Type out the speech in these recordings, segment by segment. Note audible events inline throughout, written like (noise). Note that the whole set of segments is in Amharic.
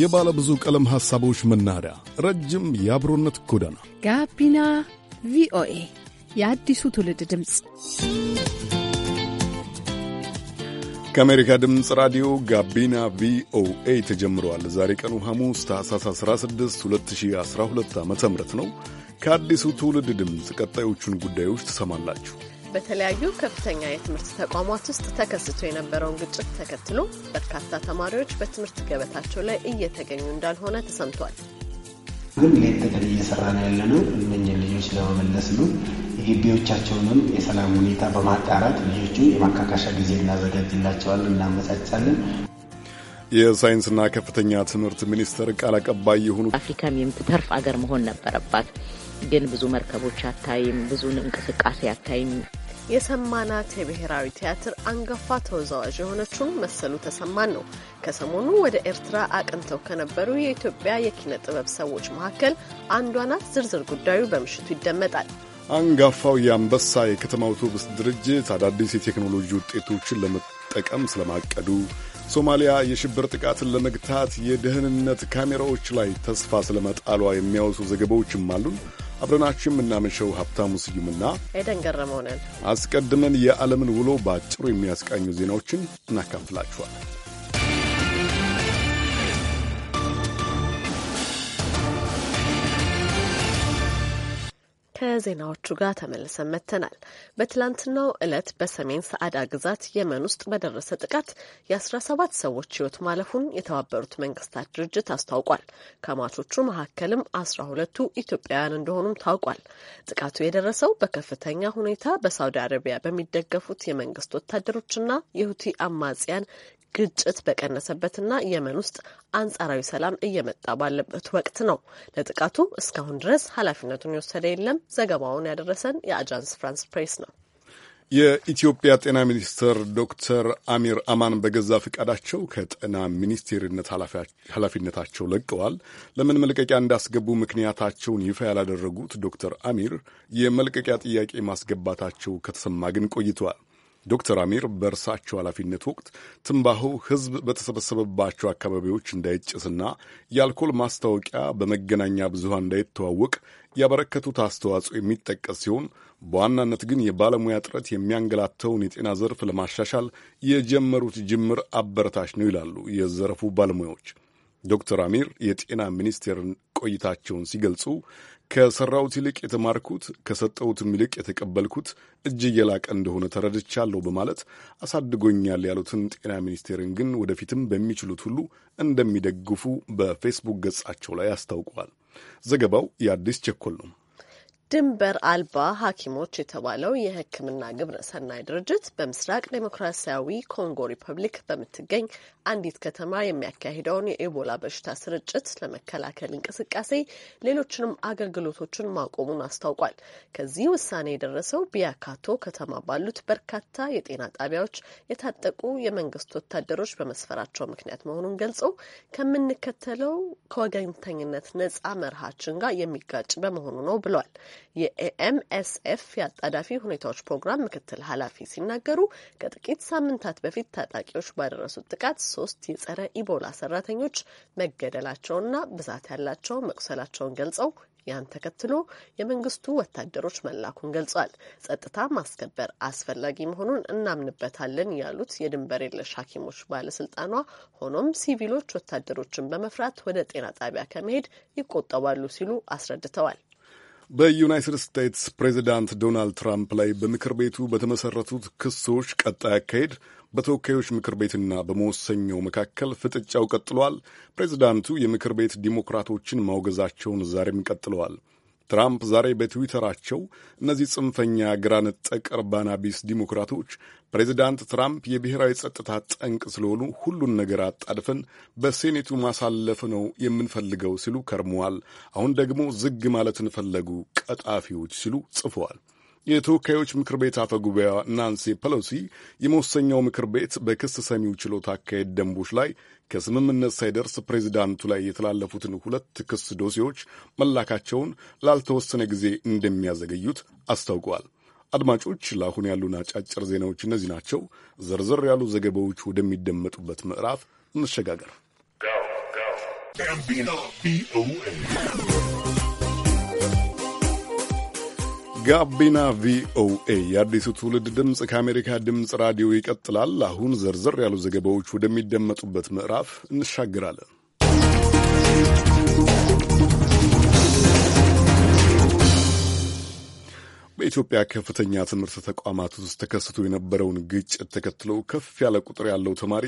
የባለ ብዙ ቀለም ሐሳቦች መናኸሪያ፣ ረጅም የአብሮነት ጎዳና ጋቢና ቪኦኤ የአዲሱ ትውልድ ድምፅ ከአሜሪካ ድምፅ ራዲዮ ጋቢና ቪኦኤ ተጀምረዋል። ዛሬ ቀኑ ሐሙስ ታህሳስ 16 2012 ዓ ም ነው። ከአዲሱ ትውልድ ድምፅ ቀጣዮቹን ጉዳዮች ትሰማላችሁ። በተለያዩ ከፍተኛ የትምህርት ተቋማት ውስጥ ተከስቶ የነበረውን ግጭት ተከትሎ በርካታ ተማሪዎች በትምህርት ገበታቸው ላይ እየተገኙ እንዳልሆነ ተሰምቷል። ግን ሌት ተቀን እየሰራ ነው ያለ ነው እነኝን ልጆች ለመመለስ ነው። የግቢዎቻቸውንም የሰላም ሁኔታ በማጣራት ልጆቹ የማካካሻ ጊዜ እናዘጋጅላቸዋለን፣ እናመቻቻለን። የሳይንስና ከፍተኛ ትምህርት ሚኒስቴር ቃል አቀባይ የሆኑ አፍሪካም የምትተርፍ አገር መሆን ነበረባት፣ ግን ብዙ መርከቦች አታይም፣ ብዙ እንቅስቃሴ አታይም። የሰማናት የብሔራዊ ቲያትር አንጋፋ ተወዛዋዥ የሆነችውን መሰሉ ተሰማን ነው። ከሰሞኑ ወደ ኤርትራ አቅንተው ከነበሩ የኢትዮጵያ የኪነ ጥበብ ሰዎች መካከል አንዷ ናት። ዝርዝር ጉዳዩ በምሽቱ ይደመጣል። አንጋፋው የአንበሳ የከተማ አውቶቡስ ድርጅት አዳዲስ የቴክኖሎጂ ውጤቶችን ለመጠቀም ስለማቀዱ፣ ሶማሊያ የሽብር ጥቃትን ለመግታት የደህንነት ካሜራዎች ላይ ተስፋ ስለመጣሏ የሚያወሱ ዘገባዎችም አሉን። አብረናችሁ የምናመሸው ሀብታሙ ስዩምና ኤደን ገረመው ነን። አስቀድመን የዓለምን ውሎ በአጭሩ የሚያስቃኙ ዜናዎችን እናካፍላችኋል። ከዜናዎቹ ጋር ተመልሰን መጥተናል። በትላንትናው ዕለት በሰሜን ሰዓዳ ግዛት የመን ውስጥ በደረሰ ጥቃት የአስራ ሰባት ሰዎች ሕይወት ማለፉን የተባበሩት መንግስታት ድርጅት አስታውቋል። ከሟቾቹ መካከልም አስራ ሁለቱ ኢትዮጵያውያን እንደሆኑም ታውቋል። ጥቃቱ የደረሰው በከፍተኛ ሁኔታ በሳውዲ አረቢያ በሚደገፉት የመንግስት ወታደሮችና የሁቲ አማጽያን ግጭት በቀነሰበትና የመን ውስጥ አንጻራዊ ሰላም እየመጣ ባለበት ወቅት ነው። ለጥቃቱ እስካሁን ድረስ ኃላፊነቱን የወሰደ የለም። ዘገባውን ያደረሰን የአጃንስ ፍራንስ ፕሬስ ነው። የኢትዮጵያ ጤና ሚኒስትር ዶክተር አሚር አማን በገዛ ፈቃዳቸው ከጤና ሚኒስቴርነት ኃላፊነታቸው ለቀዋል። ለምን መልቀቂያ እንዳስገቡ ምክንያታቸውን ይፋ ያላደረጉት ዶክተር አሚር የመልቀቂያ ጥያቄ ማስገባታቸው ከተሰማ ግን ቆይተዋል። ዶክተር አሚር በእርሳቸው ኃላፊነት ወቅት ትንባሆው ሕዝብ በተሰበሰበባቸው አካባቢዎች እንዳይጭስና የአልኮል ማስታወቂያ በመገናኛ ብዙሃን እንዳይተዋወቅ ያበረከቱት አስተዋጽኦ የሚጠቀስ ሲሆን በዋናነት ግን የባለሙያ ጥረት የሚያንገላተውን የጤና ዘርፍ ለማሻሻል የጀመሩት ጅምር አበረታች ነው ይላሉ የዘርፉ ባለሙያዎች። ዶክተር አሚር የጤና ሚኒስቴርን ቆይታቸውን ሲገልጹ ከሰራሁት ይልቅ የተማርኩት ከሰጠሁትም ይልቅ የተቀበልኩት እጅግ የላቀ እንደሆነ ተረድቻለሁ በማለት አሳድጎኛል ያሉትን ጤና ሚኒስቴርን ግን ወደፊትም በሚችሉት ሁሉ እንደሚደግፉ በፌስቡክ ገጻቸው ላይ አስታውቀዋል። ዘገባው የአዲስ ቸኮል ነው። ድንበር አልባ ሐኪሞች የተባለው የሕክምና ግብረ ሰናይ ድርጅት በምስራቅ ዴሞክራሲያዊ ኮንጎ ሪፐብሊክ በምትገኝ አንዲት ከተማ የሚያካሂደውን የኢቦላ በሽታ ስርጭት ለመከላከል እንቅስቃሴ ሌሎችንም አገልግሎቶችን ማቆሙን አስታውቋል። ከዚህ ውሳኔ የደረሰው ቢያካቶ ከተማ ባሉት በርካታ የጤና ጣቢያዎች የታጠቁ የመንግስት ወታደሮች በመስፈራቸው ምክንያት መሆኑን ገልጸው ከምንከተለው ከወገኝተኝነት ነጻ መርሃችን ጋር የሚጋጭ በመሆኑ ነው ብሏል። የኤምኤስኤፍ የአጣዳፊ ሁኔታዎች ፕሮግራም ምክትል ኃላፊ ሲናገሩ ከጥቂት ሳምንታት በፊት ታጣቂዎች ባደረሱት ጥቃት ሶስት የጸረ ኢቦላ ሰራተኞች መገደላቸውና ብዛት ያላቸው መቁሰላቸውን ገልጸው ያን ተከትሎ የመንግስቱ ወታደሮች መላኩን ገልጿል። ጸጥታ ማስከበር አስፈላጊ መሆኑን እናምንበታለን ያሉት የድንበር የለሽ ሐኪሞች ባለስልጣኗ፣ ሆኖም ሲቪሎች ወታደሮችን በመፍራት ወደ ጤና ጣቢያ ከመሄድ ይቆጠባሉ ሲሉ አስረድተዋል። በዩናይትድ ስቴትስ ፕሬዚዳንት ዶናልድ ትራምፕ ላይ በምክር ቤቱ በተመሠረቱት ክሶች ቀጣይ አካሄድ በተወካዮች ምክር ቤትና በመወሰኛው መካከል ፍጥጫው ቀጥሏል። ፕሬዚዳንቱ የምክር ቤት ዲሞክራቶችን ማውገዛቸውን ዛሬም ቀጥለዋል። ትራምፕ ዛሬ በትዊተራቸው እነዚህ ጽንፈኛ ግራ ነጠቅ ዲሞክራቶች ፕሬዚዳንት ትራምፕ የብሔራዊ ጸጥታ ጠንቅ ስለሆኑ ሁሉን ነገር አጣድፈን በሴኔቱ ማሳለፍ ነው የምንፈልገው ሲሉ ከርመዋል። አሁን ደግሞ ዝግ ማለትን ፈለጉ ቀጣፊዎች ሲሉ ጽፈዋል። የተወካዮች ምክር ቤት አፈ ጉባኤ ናንሲ ፐሎሲ የመወሰኛው ምክር ቤት በክስ ሰሚው ችሎት አካሄድ ደንቦች ላይ ከስምምነት ሳይደርስ ፕሬዚዳንቱ ላይ የተላለፉትን ሁለት ክስ ዶሴዎች መላካቸውን ላልተወሰነ ጊዜ እንደሚያዘገዩት አስታውቀዋል። አድማጮች፣ ለአሁን ያሉን አጫጭር ዜናዎች እነዚህ ናቸው። ዘርዘር ያሉ ዘገባዎች ወደሚደመጡበት ምዕራፍ እንሸጋገር። ጋቢና ቪኦኤ የአዲሱ ትውልድ ድምፅ ከአሜሪካ ድምፅ ራዲዮ ይቀጥላል። አሁን ዘርዘር ያሉ ዘገባዎች ወደሚደመጡበት ምዕራፍ እንሻግራለን። በኢትዮጵያ ከፍተኛ ትምህርት ተቋማት ውስጥ ተከስቶ የነበረውን ግጭት ተከትሎ ከፍ ያለ ቁጥር ያለው ተማሪ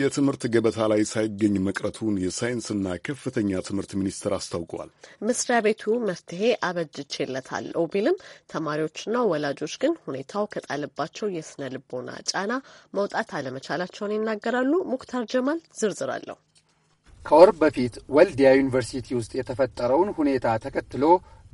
የትምህርት ገበታ ላይ ሳይገኝ መቅረቱን የሳይንስና ከፍተኛ ትምህርት ሚኒስቴር አስታውቀዋል። መስሪያ ቤቱ መፍትሄ አበጅቼለታለሁ ቢልም ተማሪዎችና ወላጆች ግን ሁኔታው ከጣለባቸው የስነ ልቦና ጫና መውጣት አለመቻላቸውን ይናገራሉ። ሙክታር ጀማል ዝርዝር አለው። ከወር በፊት ወልዲያ ዩኒቨርሲቲ ውስጥ የተፈጠረውን ሁኔታ ተከትሎ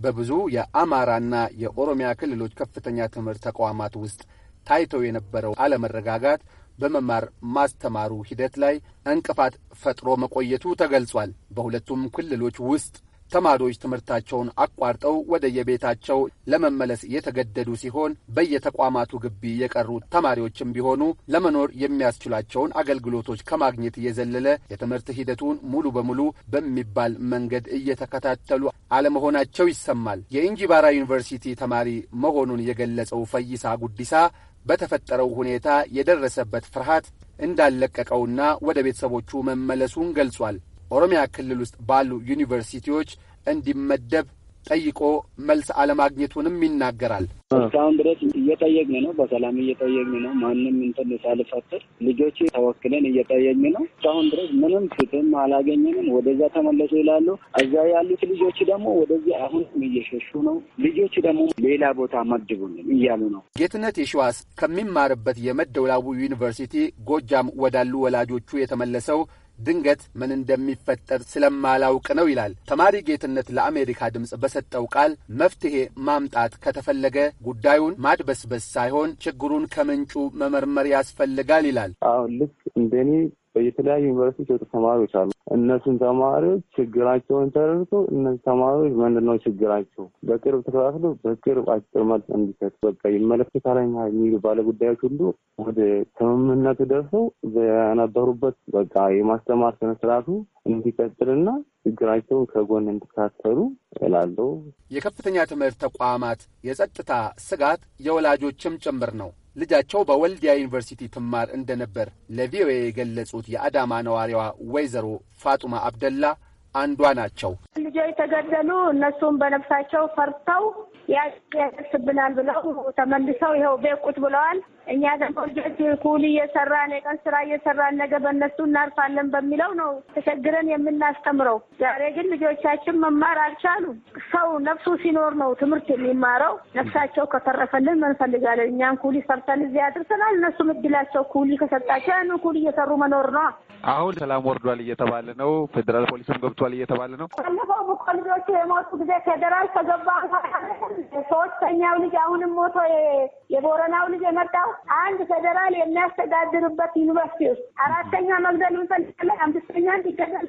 በብዙ የአማራና የኦሮሚያ ክልሎች ከፍተኛ ትምህርት ተቋማት ውስጥ ታይተው የነበረው አለመረጋጋት በመማር ማስተማሩ ሂደት ላይ እንቅፋት ፈጥሮ መቆየቱ ተገልጿል። በሁለቱም ክልሎች ውስጥ ተማሪዎች ትምህርታቸውን አቋርጠው ወደ የቤታቸው ለመመለስ የተገደዱ ሲሆን በየተቋማቱ ግቢ የቀሩ ተማሪዎችም ቢሆኑ ለመኖር የሚያስችላቸውን አገልግሎቶች ከማግኘት እየዘለለ የትምህርት ሂደቱን ሙሉ በሙሉ በሚባል መንገድ እየተከታተሉ አለመሆናቸው ይሰማል። የእንጂባራ ዩኒቨርሲቲ ተማሪ መሆኑን የገለጸው ፈይሳ ጉዲሳ በተፈጠረው ሁኔታ የደረሰበት ፍርሃት እንዳለቀቀውና ወደ ቤተሰቦቹ መመለሱን ገልጿል። ኦሮሚያ ክልል ውስጥ ባሉ ዩኒቨርሲቲዎች እንዲመደብ ጠይቆ መልስ አለማግኘቱንም ይናገራል። እስካሁን ድረስ እየጠየቅን ነው፣ በሰላም እየጠየቅን ነው። ማንም እንትን ሳልፈትር ልጆች ተወክለን እየጠየቅን ነው። እስካሁን ድረስ ምንም ፍትህም አላገኘንም። ወደዛ ተመለሱ ይላሉ። እዛ ያሉት ልጆች ደግሞ ወደዚህ አሁንም እየሸሹ ነው። ልጆች ደግሞ ሌላ ቦታ መድቡልን እያሉ ነው። ጌትነት የሸዋስ ከሚማርበት የመደወላቡ ዩኒቨርሲቲ ጎጃም ወዳሉ ወላጆቹ የተመለሰው ድንገት ምን እንደሚፈጠር ስለማላውቅ ነው ይላል ተማሪ ጌትነት ለአሜሪካ ድምፅ በሰጠው ቃል። መፍትሄ ማምጣት ከተፈለገ ጉዳዩን ማድበስበስ ሳይሆን ችግሩን ከምንጩ መመርመር ያስፈልጋል ይላል። አሁን ልክ እንደኔ የተለያዩ ዩኒቨርሲቲዎች ወጡ ተማሪዎች አሉ። እነሱን ተማሪዎች ችግራቸውን ተረድቶ እነዚህ ተማሪዎች ምንድን ነው ችግራቸው በቅርብ ተከታትሎ በቅርብ አጭር መልስ እንዲሰጥ በቃ ይመለከታለኛ የሚሉ ባለጉዳዮች ሁሉ ወደ ስምምነቱ ደርሰው በነበሩበት በቃ የማስተማር ስነስርዓቱ እንዲቀጥልና ችግራቸውን ከጎን እንዲካተሉ እላለሁ። የከፍተኛ ትምህርት ተቋማት የጸጥታ ስጋት የወላጆችም ጭምር ነው። ልጃቸው በወልዲያ ዩኒቨርሲቲ ትማር እንደነበር ለቪኦኤ የገለጹት የአዳማ ነዋሪዋ ወይዘሮ ፋጡማ አብደላ አንዷ ናቸው። ልጆች የተገደሉ እነሱም በነፍሳቸው ፈርተው ያደርስብናል ብለው ተመልሰው ይኸው ቤቁት ብለዋል። እኛ ደግሞ ልጆች ኩል እየሰራን የቀን ስራ እየሰራን ነገ በእነሱ እናርፋለን በሚለው ነው ተቸግረን የምናስተምረው። ዛሬ ግን ልጆቻችን መማር አልቻሉም። ሰው ነፍሱ ሲኖር ነው ትምህርት የሚማረው። ነፍሳቸው ከተረፈልን እንፈልጋለን። እኛም ኩል ሰርተን እዚህ አድርሰናል። እነሱም እድላቸው ኩል ከሰጣቸው ያን ኩል እየሰሩ መኖር ነዋ። አሁን ሰላም ወርዷል እየተባለ ነው። ፌዴራል ፖሊስም ገብቷል እየተባለ ነው። ባለፈው ቡኮ ልጆቹ የሞቱ ጊዜ ፌዴራል ከገባ ሶስተኛው ልጅ አሁንም ሞቶ የቦረናው ልጅ የመጣው አንድ ፌዴራል የሚያስተዳድርበት ዩኒቨርሲቲ ውስጥ አራተኛ መግደል እንፈልጋለን፣ አምስተኛ እንዲገደል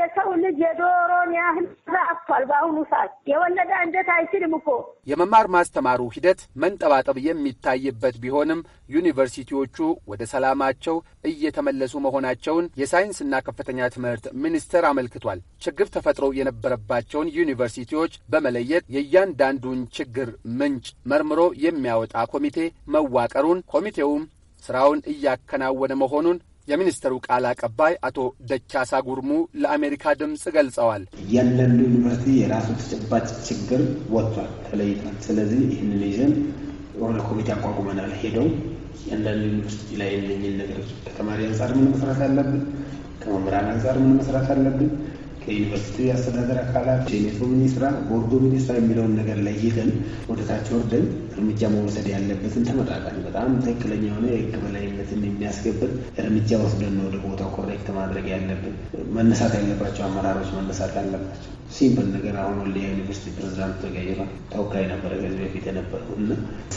የሰው ልጅ የዶሮን ያህል ዛፏል። በአሁኑ ሰዓት የወለደ እንዴት አይችልም እኮ የመማር ማስተማሩ ሂደት መንጠባጠብ የሚታይበት ቢሆንም ዩኒቨርሲቲዎቹ ወደ ሰላማቸው እየተመለሱ መሆናቸው መሆናቸውን የሳይንስና ከፍተኛ ትምህርት ሚኒስቴር አመልክቷል። ችግር ተፈጥሮ የነበረባቸውን ዩኒቨርሲቲዎች በመለየት የእያንዳንዱን ችግር ምንጭ መርምሮ የሚያወጣ ኮሚቴ መዋቀሩን፣ ኮሚቴውም ስራውን እያከናወነ መሆኑን የሚኒስትሩ ቃል አቀባይ አቶ ደቻሳ ጉርሙ ለአሜሪካ ድምፅ ገልጸዋል። እያንዳንዱ ዩኒቨርሲቲ የራሱ ተጨባጭ ችግር ወጥቷል ተለይቷል። ስለዚህ ይህንን ይዘን ወረዳ ኮሚቴ አቋቁመናል። ሄደው እያንዳንዱ ዩኒቨርሲቲ ላይ እነኝን ነገር ከተማሪ አንጻር ምን መስራት አለብን፣ ከመምህራን አንጻር ምን መስራት አለብን ከዩኒቨርሲቲ አስተዳደር አካላት የኔትሮ ሚኒስትራ ቦርዱ ሚኒስትራ የሚለውን ነገር ለይተን ወደታች ወርደን እርምጃ መውሰድ ያለበትን ተመጣጣኝ በጣም ትክክለኛ የሆነ የህግ በላይነትን የሚያስገብር እርምጃ ወስደን ነው ወደ ቦታው ኮሬክት ማድረግ ያለብን። መነሳት ያለባቸው አመራሮች መነሳት ያለባቸው ሲምፕል ነገር አሁን ወልዲያ ዩኒቨርሲቲ ፕሬዚዳንት ተቀይሯል። ተወካይ ነበረ ከዚህ በፊት የነበረው እና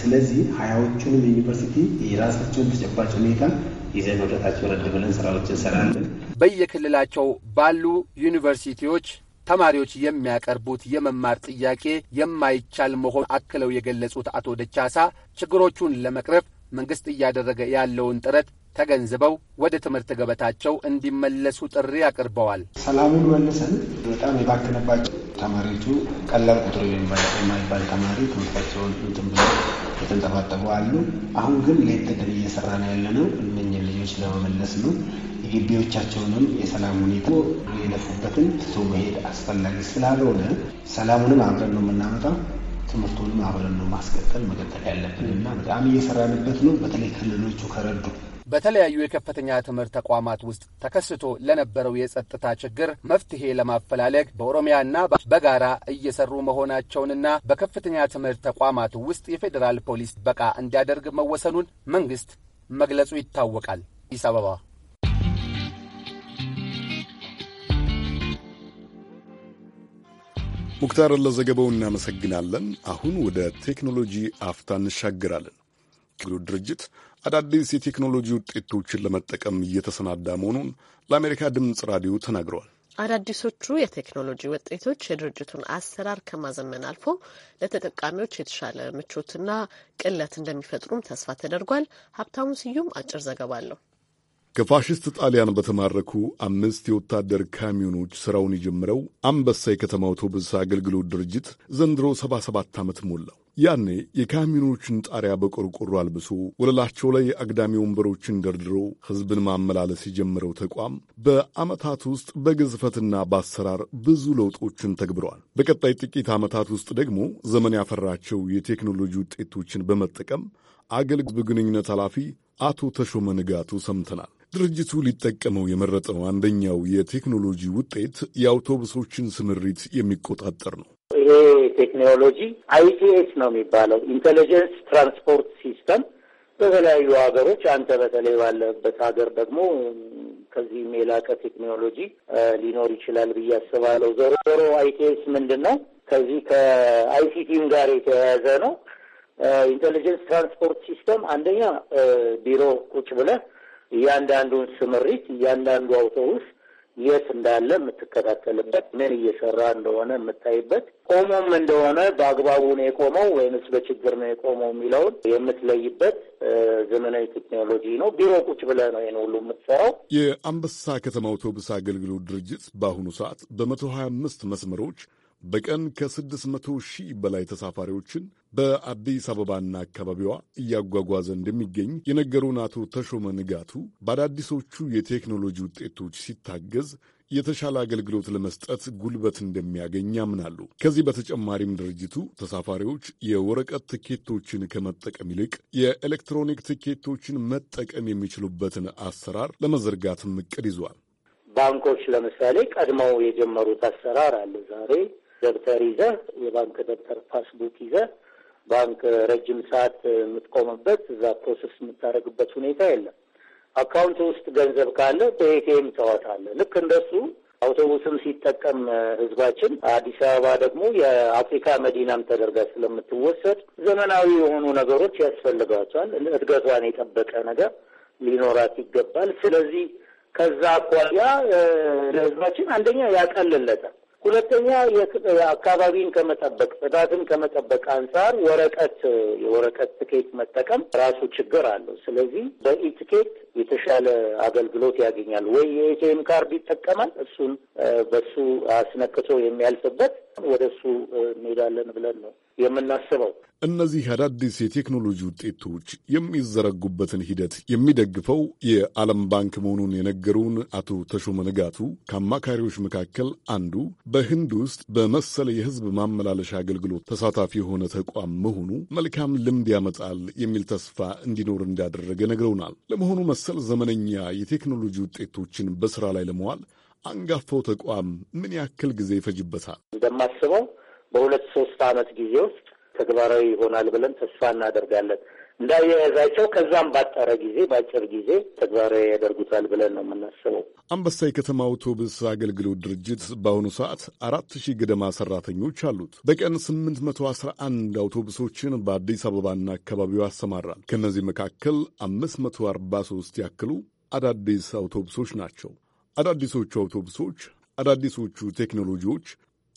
ስለዚህ ሀያዎቹንም ዩኒቨርሲቲ የራሳቸውን ተጨባጭ ሁኔታ ይዘን ወደታች ወረድ ብለን ስራዎች እንሰራለን። በየክልላቸው ባሉ ዩኒቨርሲቲዎች ተማሪዎች የሚያቀርቡት የመማር ጥያቄ የማይቻል መሆን አክለው የገለጹት አቶ ደቻሳ ችግሮቹን ለመቅረፍ መንግስት እያደረገ ያለውን ጥረት ተገንዝበው ወደ ትምህርት ገበታቸው እንዲመለሱ ጥሪ አቅርበዋል። ሰላሙን መልሰን በጣም የባከነባቸው ተማሪዎቹ ቀላል ቁጥር የማይባል ተማሪ ትምህርታቸውን እንትን ብሎ የተንጠባጠቡ አሉ። አሁን ግን ሌት ተቀን እየሰራ ነው ያለ ነው እነኝን ልጆች ለመመለስ ነው። የግቢዎቻቸውንም የሰላም ሁኔታ የለፉበትን ትቶ መሄድ አስፈላጊ ስላልሆነ ሰላሙንም አብረን ነው የምናመጣው፣ ትምህርቱንም አብረን ነው ማስቀጠል መቀጠል ያለብን እና በጣም እየሰራንበት ነው። በተለይ ክልሎቹ ከረዱ በተለያዩ የከፍተኛ ትምህርት ተቋማት ውስጥ ተከስቶ ለነበረው የጸጥታ ችግር መፍትሄ ለማፈላለግ በኦሮሚያና በጋራ እየሰሩ መሆናቸውንና በከፍተኛ ትምህርት ተቋማት ውስጥ የፌዴራል ፖሊስ በቃ እንዲያደርግ መወሰኑን መንግስት መግለጹ ይታወቃል። አዲስ አበባ ሙክታርን ለዘገባው እናመሰግናለን። አሁን ወደ ቴክኖሎጂ አፍታ እንሻገራለን። ድርጅት አዳዲስ የቴክኖሎጂ ውጤቶችን ለመጠቀም እየተሰናዳ መሆኑን ለአሜሪካ ድምፅ ራዲዮ ተናግረዋል። አዳዲሶቹ የቴክኖሎጂ ውጤቶች የድርጅቱን አሰራር ከማዘመን አልፎ ለተጠቃሚዎች የተሻለ ምቾትና ቅለት እንደሚፈጥሩም ተስፋ ተደርጓል። ሀብታሙ ስዩም አጭር ዘገባ አለው። ከፋሽስት ጣሊያን በተማረኩ አምስት የወታደር ካሚዮኖች ሥራውን የጀመረው አንበሳ የከተማ አውቶቡስ አገልግሎት ድርጅት ዘንድሮ 77 ዓመት ሞላው። ያኔ የካሚዮኖቹን ጣሪያ በቆርቆሮ አልብሶ ወለላቸው ላይ አግዳሚ ወንበሮችን ደርድሮ ሕዝብን ማመላለስ የጀመረው ተቋም በዓመታት ውስጥ በግዝፈትና በአሰራር ብዙ ለውጦችን ተግብረዋል። በቀጣይ ጥቂት ዓመታት ውስጥ ደግሞ ዘመን ያፈራቸው የቴክኖሎጂ ውጤቶችን በመጠቀም አገልግሎት ግንኙነት ኃላፊ አቶ ተሾመ ንጋቱ ሰምተናል። ድርጅቱ ሊጠቀመው የመረጠው አንደኛው የቴክኖሎጂ ውጤት የአውቶቡሶችን ስምሪት የሚቆጣጠር ነው። ይሄ ቴክኖሎጂ አይቲኤስ ነው የሚባለው ኢንቴሊጀንስ ትራንስፖርት ሲስተም በተለያዩ ሀገሮች አንተ በተለይ ባለበት ሀገር ደግሞ ከዚህም የላቀ ቴክኖሎጂ ሊኖር ይችላል ብዬ አስባለሁ። ዞሮ ዞሮ አይቲኤስ ምንድን ነው? ከዚህ ከአይሲቲም ጋር የተያያዘ ነው። ኢንቴሊጀንስ ትራንስፖርት ሲስተም አንደኛ ቢሮ ቁጭ ብለህ እያንዳንዱን ስምሪት እያንዳንዱ አውቶቡስ የት እንዳለ የምትከታተልበት፣ ምን እየሰራ እንደሆነ የምታይበት፣ ቆሞም እንደሆነ በአግባቡ ነው የቆመው ወይንስ በችግር ነው የቆመው የሚለውን የምትለይበት ዘመናዊ ቴክኖሎጂ ነው። ቢሮ ቁጭ ብለህ ነው ይህን ሁሉ የምትሰራው። የአንበሳ ከተማ አውቶቡስ አገልግሎት ድርጅት በአሁኑ ሰዓት በመቶ ሀያ አምስት መስመሮች በቀን ከስድስት መቶ ሺህ በላይ ተሳፋሪዎችን በአዲስ አበባና አካባቢዋ እያጓጓዘ እንደሚገኝ የነገሩን አቶ ተሾመ ንጋቱ በአዳዲሶቹ የቴክኖሎጂ ውጤቶች ሲታገዝ የተሻለ አገልግሎት ለመስጠት ጉልበት እንደሚያገኝ ያምናሉ። ከዚህ በተጨማሪም ድርጅቱ ተሳፋሪዎች የወረቀት ትኬቶችን ከመጠቀም ይልቅ የኤሌክትሮኒክ ትኬቶችን መጠቀም የሚችሉበትን አሰራር ለመዘርጋትም እቅድ ይዟል። ባንኮች ለምሳሌ ቀድመው የጀመሩት አሰራር አለ። ዛሬ ደብተር ይዘህ የባንክ ደብተር ፓስቡክ ይዘህ ባንክ ረጅም ሰዓት የምትቆምበት እዛ ፕሮሰስ የምታደርግበት ሁኔታ የለም። አካውንት ውስጥ ገንዘብ ካለ በኤቲኤም ታወጣለ። ልክ እንደሱ አውቶቡስም ሲጠቀም ህዝባችን፣ አዲስ አበባ ደግሞ የአፍሪካ መዲናም ተደርጋ ስለምትወሰድ ዘመናዊ የሆኑ ነገሮች ያስፈልጋቸዋል። እድገቷን የጠበቀ ነገር ሊኖራት ይገባል። ስለዚህ ከዛ አኳያ ለህዝባችን አንደኛ ያቀልለታል ሁለተኛ አካባቢን ከመጠበቅ ጽዳትን ከመጠበቅ አንጻር ወረቀት የወረቀት ትኬት መጠቀም ራሱ ችግር አለው። ስለዚህ በኢትኬት የተሻለ አገልግሎት ያገኛል ወይ የኤቲኤም ካርድ ይጠቀማል፣ እሱን በሱ አስነክቶ የሚያልፍበት ወደ እሱ እንሄዳለን ብለን ነው የምናስበው። እነዚህ አዳዲስ የቴክኖሎጂ ውጤቶች የሚዘረጉበትን ሂደት የሚደግፈው የዓለም ባንክ መሆኑን የነገሩን አቶ ተሾመ ንጋቱ ከአማካሪዎች መካከል አንዱ በህንድ ውስጥ በመሰለ የህዝብ ማመላለሻ አገልግሎት ተሳታፊ የሆነ ተቋም መሆኑ መልካም ልምድ ያመጣል የሚል ተስፋ እንዲኖር እንዳደረገ ነግረውናል። ለመሆኑ መሰ መሰል ዘመነኛ የቴክኖሎጂ ውጤቶችን በስራ ላይ ለመዋል አንጋፋው ተቋም ምን ያክል ጊዜ ይፈጅበታል? እንደማስበው በሁለት ሶስት አመት ጊዜ ውስጥ ተግባራዊ ይሆናል ብለን ተስፋ እናደርጋለን። እንዳያያዛቸው ከዛም ባጠረ ጊዜ በአጭር ጊዜ ተግባራዊ ያደርጉታል ብለን ነው የምናስበው። አንበሳ የከተማ አውቶቡስ አገልግሎት ድርጅት በአሁኑ ሰዓት አራት ሺህ ገደማ ሰራተኞች አሉት። በቀን ስምንት መቶ አስራ አንድ አውቶቡሶችን በአዲስ አበባና አካባቢው ያሰማራል። ከእነዚህ መካከል አምስት መቶ አርባ ሶስት ያክሉ አዳዲስ አውቶቡሶች ናቸው። አዳዲሶቹ አውቶቡሶች አዳዲሶቹ ቴክኖሎጂዎች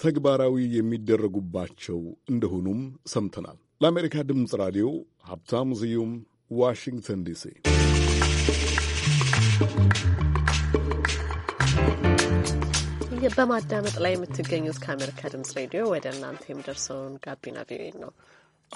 ተግባራዊ የሚደረጉባቸው እንደሆኑም ሰምተናል። ለአሜሪካ ድምፅ ራዲዮ ሀብታሙ ስዩም ዋሽንግተን ዲሲ። በማዳመጥ ላይ የምትገኙት ከአሜሪካ ድምፅ ሬዲዮ ወደ እናንተ የሚደርሰውን ጋቢና ቪኦኤ ነው።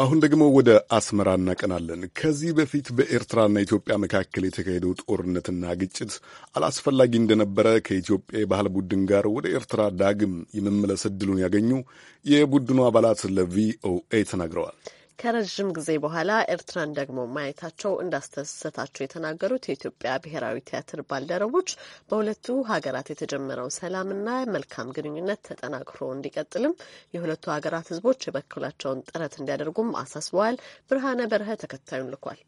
አሁን ደግሞ ወደ አስመራ እናቀናለን። ከዚህ በፊት በኤርትራና ኢትዮጵያ መካከል የተካሄደው ጦርነትና ግጭት አላስፈላጊ እንደነበረ ከኢትዮጵያ የባህል ቡድን ጋር ወደ ኤርትራ ዳግም የመመለስ ዕድሉን ያገኙ የቡድኑ አባላት ለቪኦኤ ተናግረዋል። ከረዥም ጊዜ በኋላ ኤርትራን ደግሞ ማየታቸው እንዳስተሰታቸው የተናገሩት የኢትዮጵያ ብሔራዊ ቲያትር ባልደረቦች በሁለቱ ሀገራት የተጀመረው ሰላምና መልካም ግንኙነት ተጠናክሮ እንዲቀጥልም የሁለቱ ሀገራት ሕዝቦች የበኩላቸውን ጥረት እንዲያደርጉም አሳስበዋል። ብርሃነ በረሀ ተከታዩን ልኳል።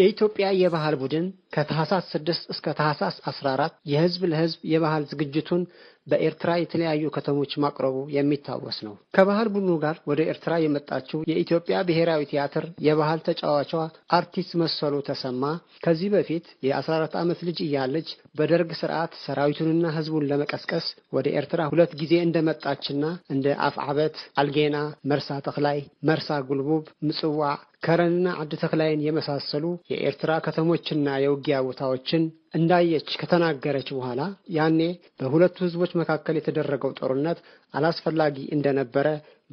የኢትዮጵያ የባህል ቡድን ከታህሳስ 6 እስከ ታህሳስ 14 የህዝብ ለህዝብ የባህል ዝግጅቱን በኤርትራ የተለያዩ ከተሞች ማቅረቡ የሚታወስ ነው። ከባህል ቡድኑ ጋር ወደ ኤርትራ የመጣችው የኢትዮጵያ ብሔራዊ ቲያትር የባህል ተጫዋቿ አርቲስት መሰሉ ተሰማ ከዚህ በፊት የ14 ዓመት ልጅ እያለች በደርግ ስርዓት ሰራዊቱንና ህዝቡን ለመቀስቀስ ወደ ኤርትራ ሁለት ጊዜ እንደመጣችና እንደ አፍዓበት፣ አልጌና፣ መርሳ ተክላይ፣ መርሳ ጉልቡብ፣ ምጽዋዕ፣ ከረንና አዲ ተክላይን የመሳሰሉ የኤርትራ ከተሞችና የውጊያ ቦታዎችን እንዳየች ከተናገረች በኋላ ያኔ በሁለቱ ህዝቦች መካከል የተደረገው ጦርነት አላስፈላጊ እንደነበረ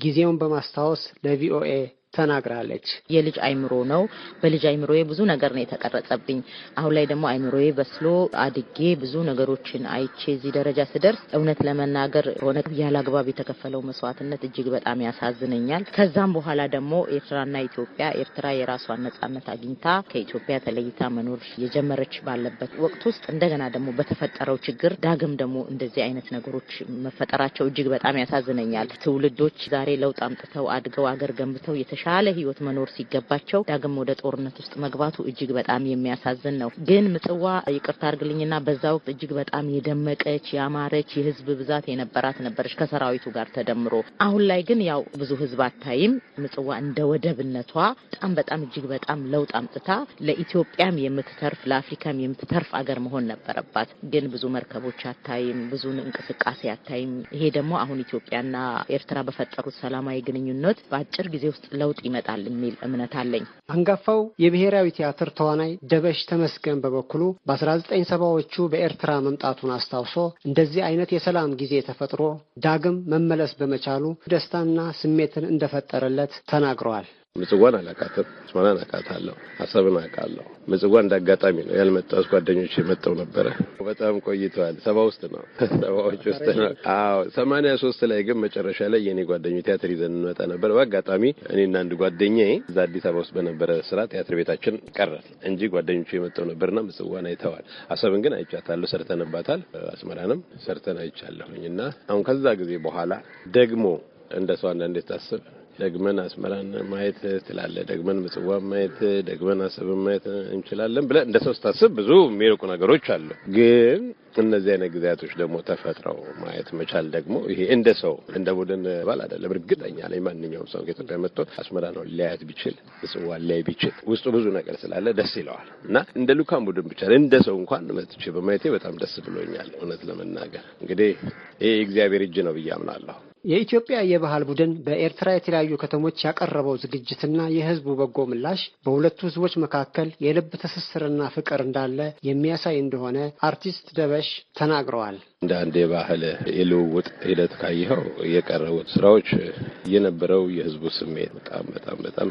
ጊዜውን በማስታወስ ለቪኦኤ ተናግራለች። የልጅ አይምሮ ነው። በልጅ አይምሮዬ ብዙ ነገር ነው የተቀረጸብኝ። አሁን ላይ ደግሞ አይምሮዬ በስሎ አድጌ ብዙ ነገሮችን አይቼ እዚህ ደረጃ ስደርስ እውነት ለመናገር ሆነ ያለ አግባብ የተከፈለው መስዋዕትነት እጅግ በጣም ያሳዝነኛል። ከዛም በኋላ ደግሞ ኤርትራና ኢትዮጵያ ኤርትራ የራሷን ነጻነት አግኝታ ከኢትዮጵያ ተለይታ መኖር የጀመረች ባለበት ወቅት ውስጥ እንደገና ደግሞ በተፈጠረው ችግር ዳግም ደግሞ እንደዚህ አይነት ነገሮች መፈጠራቸው እጅግ በጣም ያሳዝነኛል። ትውልዶች ዛሬ ለውጥ አምጥተው አድገው አገር ገንብተው የተሻለ ህይወት መኖር ሲገባቸው ዳግም ወደ ጦርነት ውስጥ መግባቱ እጅግ በጣም የሚያሳዝን ነው። ግን ምጽዋ ይቅርታ አድርግልኝና በዛ ወቅት እጅግ በጣም የደመቀች ያማረች የህዝብ ብዛት የነበራት ነበረች ከሰራዊቱ ጋር ተደምሮ። አሁን ላይ ግን ያው ብዙ ህዝብ አታይም። ምጽዋ እንደ ወደብነቷ በጣም በጣም እጅግ በጣም ለውጥ አምጥታ ለኢትዮጵያም የምትተርፍ ለአፍሪካም የምትተርፍ አገር መሆን ነበረባት። ግን ብዙ መርከቦች አታይም፣ ብዙ እንቅስቃሴ አታይም። ይሄ ደግሞ አሁን ኢትዮጵያና ኤርትራ በፈጠሩት ሰላማዊ ግንኙነት በአጭር ጊዜ ውስጥ ለው ለውጥ ይመጣል የሚል እምነት አለኝ። አንጋፋው የብሔራዊ ቲያትር ተዋናይ ደበሽ ተመስገን በበኩሉ በ1970ዎቹ በኤርትራ መምጣቱን አስታውሶ እንደዚህ አይነት የሰላም ጊዜ ተፈጥሮ ዳግም መመለስ በመቻሉ ደስታና ስሜትን እንደፈጠረለት ተናግረዋል። ምጽዋን አላቃትም፣ አስመራን አቃታለሁ፣ አሰብን አቃለሁ። ምጽዋ እንዳጋጣሚ ነው ያልመጣሁት፣ ጓደኞች የመጣው ነበረ። በጣም ቆይተዋል። ሰባ ውስጥ ነው (laughs) ሰባዎች ውስጥ ነው። አዎ ሰማንያ ሶስት ላይ ግን መጨረሻ ላይ የእኔ ጓደኞች ቲያትር ይዘን እንመጣ ነበር። በአጋጣሚ እኔና አንድ ጓደኛ እዛ አዲስ አበባ ውስጥ በነበረ ስራ ቲያትር ቤታችን ቀረል እንጂ ጓደኞቹ የመጣው ነበርና ምጽዋን አይተዋል። አሰብን ግን አይቻታለሁ፣ ሰርተንባታል። አስመራንም ሰርተን አይቻለሁኝ እና አሁን ከዛ ጊዜ በኋላ ደግሞ እንደ ሰው አንዳንዴ ታስብ ደግመን አስመራን ማየት ትላለህ፣ ደግመን ምጽዋን ማየት፣ ደግመን አሰብን ማየት እንችላለን ብለ እንደ ሰው ስታስብ ብዙ የሚርቁ ነገሮች አሉ። ግን እነዚህ አይነት ጊዜያቶች ደግሞ ተፈጥረው ማየት መቻል ደግሞ ይሄ እንደ ሰው እንደ ቡድን ባል አይደለም። እርግጠኛ ላይ ማንኛውም ሰው ከኢትዮጵያ መጥቶ አስመራ ነው ሊያየት ቢችል ምጽዋን ሊያይ ቢችል ውስጡ ብዙ ነገር ስላለ ደስ ይለዋል። እና እንደ ልኡካን ቡድን ብቻ እንደ ሰው እንኳን መጥቼ በማየቴ በጣም ደስ ብሎኛል። እውነት ለመናገር እንግዲህ ይሄ እግዚአብሔር እጅ ነው ብዬ አምናለሁ። የኢትዮጵያ የባህል ቡድን በኤርትራ የተለያዩ ከተሞች ያቀረበው ዝግጅትና የህዝቡ በጎ ምላሽ በሁለቱ ህዝቦች መካከል የልብ ትስስርና ፍቅር እንዳለ የሚያሳይ እንደሆነ አርቲስት ደበሽ ተናግረዋል። እንደ አንድ የባህል የልውውጥ ሂደት ካየኸው የቀረቡት ስራዎች የነበረው የህዝቡ ስሜት በጣም በጣም በጣም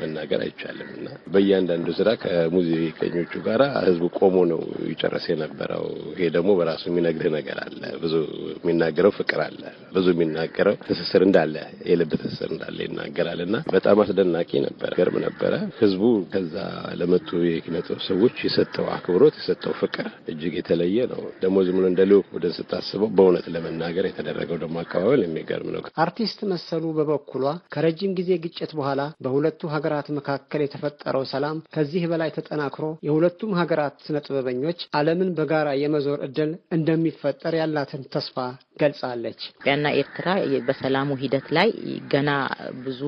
መናገር አይቻልም እና በእያንዳንዱ ስራ ከሙዚቀኞቹ ጋራ ህዝቡ ቆሞ ነው ይጨረስ የነበረው። ይሄ ደግሞ በራሱ የሚነግርህ ነገር አለ። ብዙ የሚናገረው ፍቅር አለ። ብዙ የሚናገረው ትስስር እንዳለ የልብ ትስስር እንዳለ ይናገራል እና በጣም አስደናቂ ነበር፣ ገርም ነበረ። ህዝቡ ከዛ ለመጡ የኪነጥበብ ሰዎች የሰጠው አክብሮት የሰጠው ፍቅር እጅግ የተለየ ነው። ደግሞ ዝም ብሎ እንደ ወደ ስታስበው በእውነት ለመናገር የተደረገው ደግሞ አካባቢ የሚገርም ነው። አርቲስት መሰሉ በበኩሏ ከረጅም ጊዜ ግጭት በኋላ በሁለቱ ሀገራት መካከል የተፈጠረው ሰላም ከዚህ በላይ ተጠናክሮ የሁለቱም ሀገራት ስነ ጥበበኞች ዓለምን በጋራ የመዞር እድል እንደሚፈጠር ያላትን ተስፋ ገልጻለች። ኢትዮጵያና ኤርትራ በሰላሙ ሂደት ላይ ገና ብዙ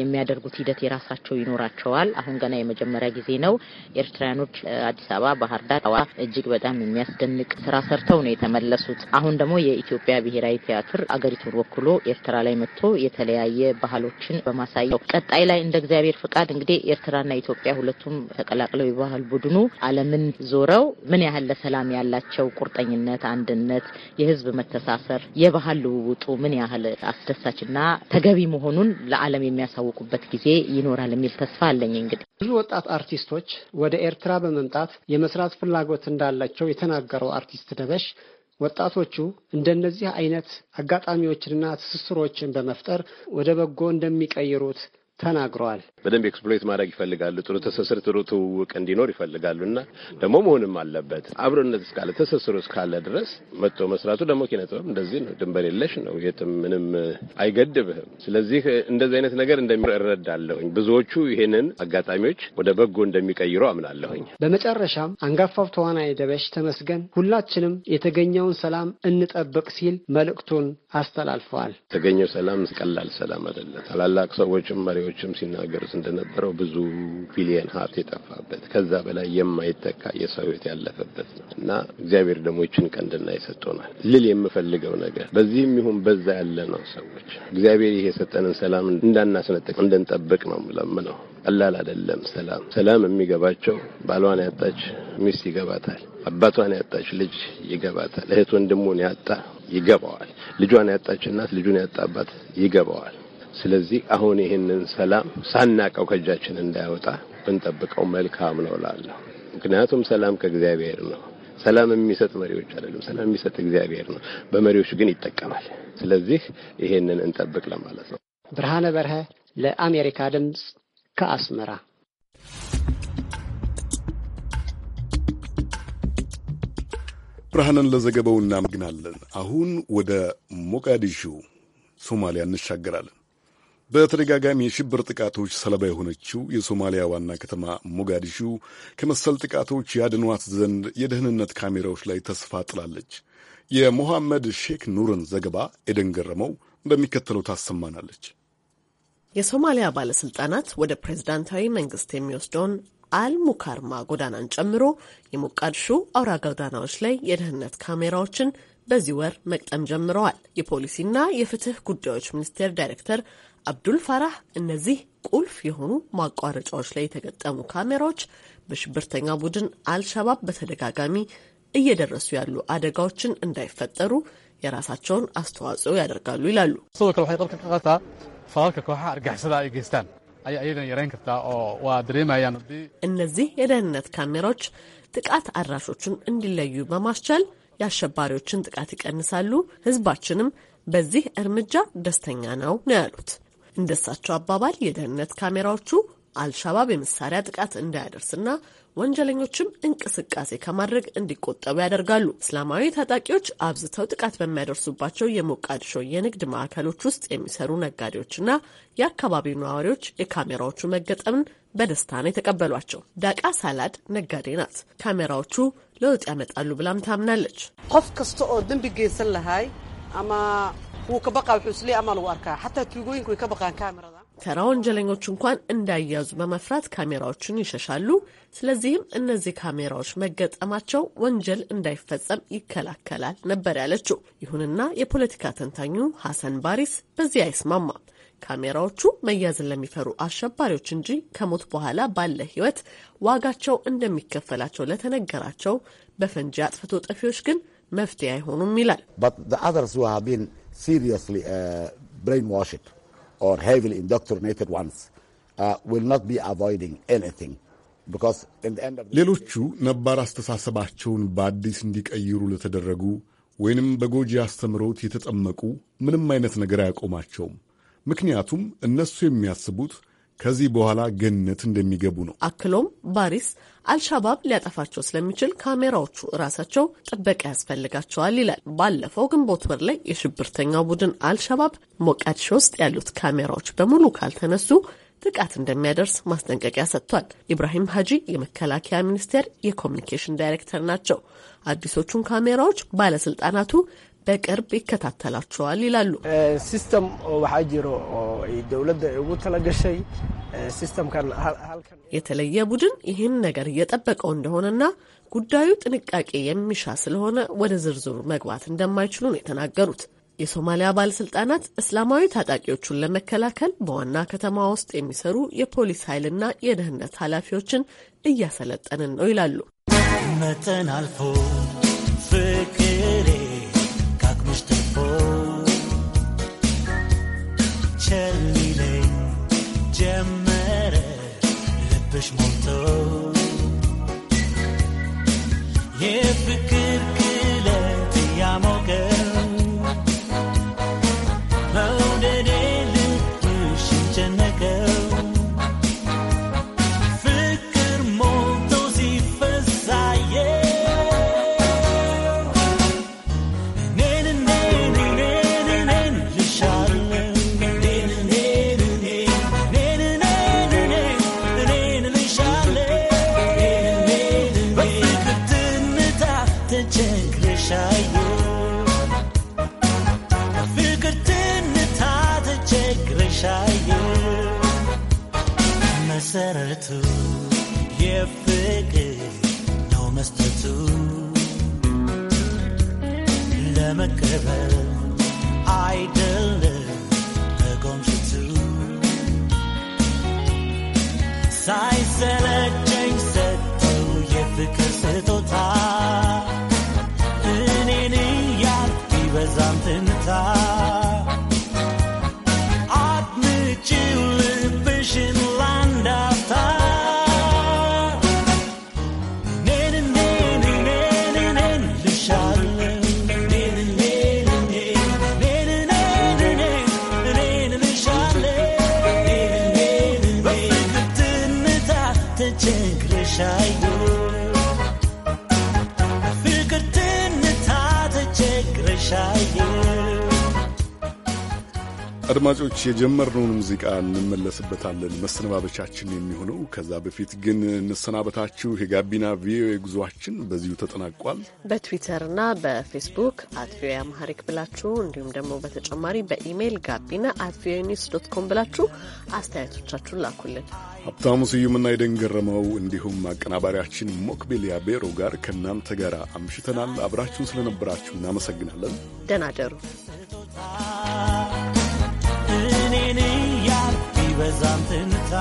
የሚያደርጉት ሂደት የራሳቸው ይኖራቸዋል። አሁን ገና የመጀመሪያ ጊዜ ነው። ኤርትራውያኖች አዲስ አበባ፣ ባህር ዳር፣ ሐዋሳ እጅግ በጣም የሚያስደንቅ ስራ ሰርተው ነው የተመለሱት። አሁን ደግሞ የኢትዮጵያ ብሔራዊ ቲያትር አገሪቱን ወክሎ ኤርትራ ላይ መጥቶ የተለያየ ባህሎችን በማሳየው ቀጣይ ላይ እንደ እግዚአብሔር ፍቃድ እንግዲህ ኤርትራና ኢትዮጵያ ሁለቱም ተቀላቅለው የባህል ቡድኑ ዓለምን ዞረው ምን ያህል ለሰላም ያላቸው ቁርጠኝነት፣ አንድነት፣ የህዝብ መተሳሰር፣ የባህል ልውውጡ ምን ያህል አስደሳችና ተገቢ መሆኑን ለዓለም የሚያሳውቁበት ጊዜ ይኖራል የሚል ተስፋ አለኝ። እንግዲህ ብዙ ወጣት አርቲስቶች ወደ ኤርትራ በመምጣት የመስራት ፍላጎት እንዳላቸው የተናገረው አርቲስት ደበሽ ወጣቶቹ እንደነዚህ አይነት አጋጣሚዎችንና ትስስሮችን በመፍጠር ወደ በጎ እንደሚቀይሩት ተናግረዋል። በደንብ ኤክስፕሎይት ማድረግ ይፈልጋሉ። ጥሩ ትስስር፣ ጥሩ ትውውቅ እንዲኖር ይፈልጋሉ እና ደግሞ መሆንም አለበት። አብሮነት እስካለ ትስስሩ እስካለ ድረስ መጥቶ መስራቱ ደግሞ ኪነ እንደዚህ ነው፣ ድንበር የለሽ ነው፣ የትም ምንም አይገድብህም። ስለዚህ እንደዚህ አይነት ነገር እንደሚረዳለሁኝ ብዙዎቹ ይህንን አጋጣሚዎች ወደ በጎ እንደሚቀይሩ አምናለሁኝ። በመጨረሻም አንጋፋው ተዋናይ ደበሽ ተመስገን ሁላችንም የተገኘውን ሰላም እንጠብቅ ሲል መልእክቱን አስተላልፈዋል። የተገኘው ሰላም ቀላል ሰላም አይደለም። ታላላቅ ሰዎችም መሪ ተናጋሪዎችም ሲናገሩት እንደነበረው ብዙ ቢሊየን ሀብት የጠፋበት ከዛ በላይ የማይተካ የሰው ህይወት ያለፈበት ነው እና እግዚአብሔር ደግሞ ይችን ቀን እንድናይ ሰጥቶናል ልል የምፈልገው ነገር በዚህም ይሁን በዛ ያለ ነው። ሰዎች እግዚአብሔር ይሄ የሰጠንን ሰላም እንዳናስነጥቅ እንድንጠብቅ ነው ምለምነው። ቀላል አይደለም። ሰላም ሰላም የሚገባቸው ባሏን ያጣች ሚስት ይገባታል። አባቷን ያጣች ልጅ ይገባታል። እህት ወንድሙን ያጣ ይገባዋል። ልጇን ያጣች እናት ልጁን ያጣ አባት ይገባዋል። ስለዚህ አሁን ይህንን ሰላም ሳናቀው ከእጃችን እንዳይወጣ ብንጠብቀው መልካም ነው እላለሁ። ምክንያቱም ሰላም ከእግዚአብሔር ነው። ሰላም የሚሰጥ መሪዎች አይደለም፣ ሰላም የሚሰጥ እግዚአብሔር ነው። በመሪዎች ግን ይጠቀማል። ስለዚህ ይሄንን እንጠብቅ ለማለት ነው። ብርሃነ በርሀ ለአሜሪካ ድምፅ ከአስመራ። ብርሃንን ለዘገባው እናመሰግናለን። አሁን ወደ ሞቃዲሹ ሶማሊያ እንሻገራለን። በተደጋጋሚ የሽብር ጥቃቶች ሰለባ የሆነችው የሶማሊያ ዋና ከተማ ሞጋዲሹ ከመሰል ጥቃቶች ያድኗት ዘንድ የደህንነት ካሜራዎች ላይ ተስፋ ጥላለች። የሞሐመድ ሼክ ኑርን ዘገባ ኤደን ገረመው እንደሚከተለው ታሰማናለች። የሶማሊያ ባለስልጣናት ወደ ፕሬዝዳንታዊ መንግስት የሚወስደውን አልሙካርማ ጎዳናን ጨምሮ የሞቃዲሹ አውራ ጎዳናዎች ላይ የደህንነት ካሜራዎችን በዚህ ወር መቅጠም ጀምረዋል። የፖሊሲና የፍትህ ጉዳዮች ሚኒስቴር ዳይሬክተር አብዱል ፈራህ እነዚህ ቁልፍ የሆኑ ማቋረጫዎች ላይ የተገጠሙ ካሜራዎች በሽብርተኛ ቡድን አልሸባብ በተደጋጋሚ እየደረሱ ያሉ አደጋዎችን እንዳይፈጠሩ የራሳቸውን አስተዋጽኦ ያደርጋሉ ይላሉ። እነዚህ የደህንነት ካሜራዎች ጥቃት አድራሾቹን እንዲለዩ በማስቻል የአሸባሪዎችን ጥቃት ይቀንሳሉ። ህዝባችንም በዚህ እርምጃ ደስተኛ ነው ነው ያሉት። እንደሳቸው አባባል የደህንነት ካሜራዎቹ አልሻባብ የመሳሪያ ጥቃት እንዳያደርስና ወንጀለኞችም እንቅስቃሴ ከማድረግ እንዲቆጠቡ ያደርጋሉ። እስላማዊ ታጣቂዎች አብዝተው ጥቃት በሚያደርሱባቸው የሞቃዲሾ የንግድ ማዕከሎች ውስጥ የሚሰሩ ነጋዴዎችና የአካባቢው ነዋሪዎች የካሜራዎቹ መገጠምን በደስታ ነው የተቀበሏቸው። ዳቃ ሳላድ ነጋዴ ናት። ካሜራዎቹ ለውጥ ያመጣሉ ብላም ታምናለች። ቆፍ ከስተኦ ድንቢ ገይሰን ለሃይ አማ ተራ ወንጀለኞች እንኳን እንዳያዙ በመፍራት ካሜራዎቹን ይሸሻሉ። ስለዚህም እነዚህ ካሜራዎች መገጠማቸው ወንጀል እንዳይፈጸም ይከላከላል ነበር ያለችው። ይሁንና የፖለቲካ ተንታኙ ሐሰን ባሪስ በዚህ አይስማማም። ካሜራዎቹ መያዝን ለሚፈሩ አሸባሪዎች እንጂ ከሞት በኋላ ባለ ሕይወት ዋጋቸው እንደሚከፈላቸው ለተነገራቸው በፈንጂ አጥፍቶ ጠፊዎች ግን መፍትሄ አይሆኑም ይላል። seriously uh, brainwashed or heavily indoctrinated ones uh, will not be avoiding anything. ሌሎቹ ነባር አስተሳሰባቸውን በአዲስ እንዲቀይሩ ለተደረጉ ወይንም በጎጂ አስተምሮት የተጠመቁ ምንም አይነት ነገር አያቆማቸውም። ምክንያቱም እነሱ የሚያስቡት ከዚህ በኋላ ገነት እንደሚገቡ ነው። አክሎም ባሪስ አልሻባብ ሊያጠፋቸው ስለሚችል ካሜራዎቹ ራሳቸው ጥበቃ ያስፈልጋቸዋል ይላል። ባለፈው ግንቦት ወር ላይ የሽብርተኛው ቡድን አልሻባብ ሞቃዲሾ ውስጥ ያሉት ካሜራዎች በሙሉ ካልተነሱ ጥቃት እንደሚያደርስ ማስጠንቀቂያ ሰጥቷል። ኢብራሂም ሀጂ የመከላከያ ሚኒስቴር የኮሚኒኬሽን ዳይሬክተር ናቸው። አዲሶቹን ካሜራዎች ባለስልጣናቱ በቅርብ ይከታተላቸዋል ይላሉ። ሲስተም waxaa ጅሮ ደውለደ ay ተለገሸይ ሲስተም የተለየ ቡድን ይህን ነገር እየጠበቀው እንደሆነና ጉዳዩ ጥንቃቄ የሚሻ ስለሆነ ወደ ዝርዝሩ መግባት እንደማይችሉ ነው የተናገሩት። የሶማሊያ ባለስልጣናት እስላማዊ ታጣቂዎቹን ለመከላከል በዋና ከተማ ውስጥ የሚሰሩ የፖሊስ ኃይልና የደህንነት ኃላፊዎችን እያሰለጠንን ነው ይላሉ። መጠን አልፎ ፍቅር düşmandır አድማጮች የጀመርነውን ሙዚቃ እንመለስበታለን መሰነባበቻችን የሚሆነው። ከዛ በፊት ግን እንሰናበታችሁ። የጋቢና ቪኦኤ ጉዟችን በዚሁ ተጠናቋል። በትዊተርና በፌስቡክ አት ቪኦኤ አማሐሪክ ብላችሁ እንዲሁም ደግሞ በተጨማሪ በኢሜይል ጋቢና አት ቪኦኤ ኒውስ ዶት ኮም ብላችሁ አስተያየቶቻችሁን ላኩልን። ሀብታሙ ስዩምና ገረመው እንዲሁም አቀናባሪያችን ሞክቤሊያ ቤሮ ጋር ከእናንተ ጋር አምሽተናል። አብራችሁን ስለነበራችሁ እናመሰግናለን። ደናደሩ ደሩ። ምን እኔ ያል ቢበዛም ትንታ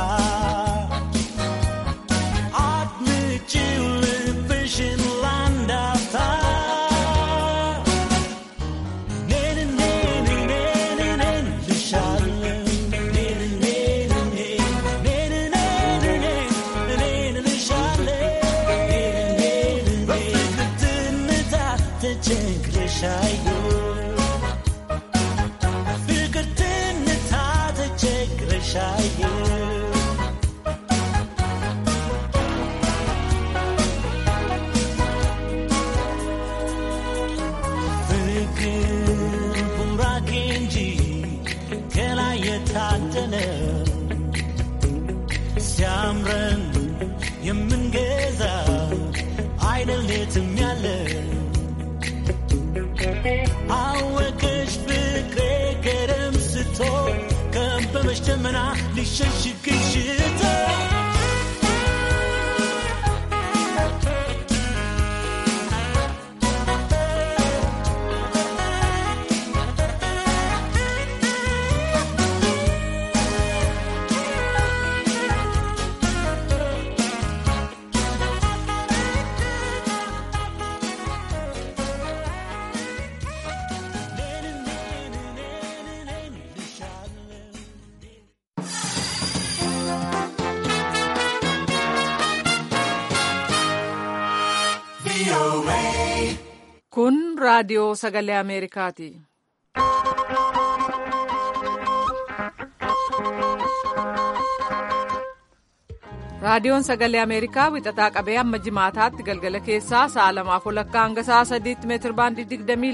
relationship raadiyoo sagalee raadiyoon sagalee ameerikaa wixataa qabee amma jimaataatti galgala keessaa sa'a lamaaf walakkaa hanga sa'a sadiitti meetir baandii digdamii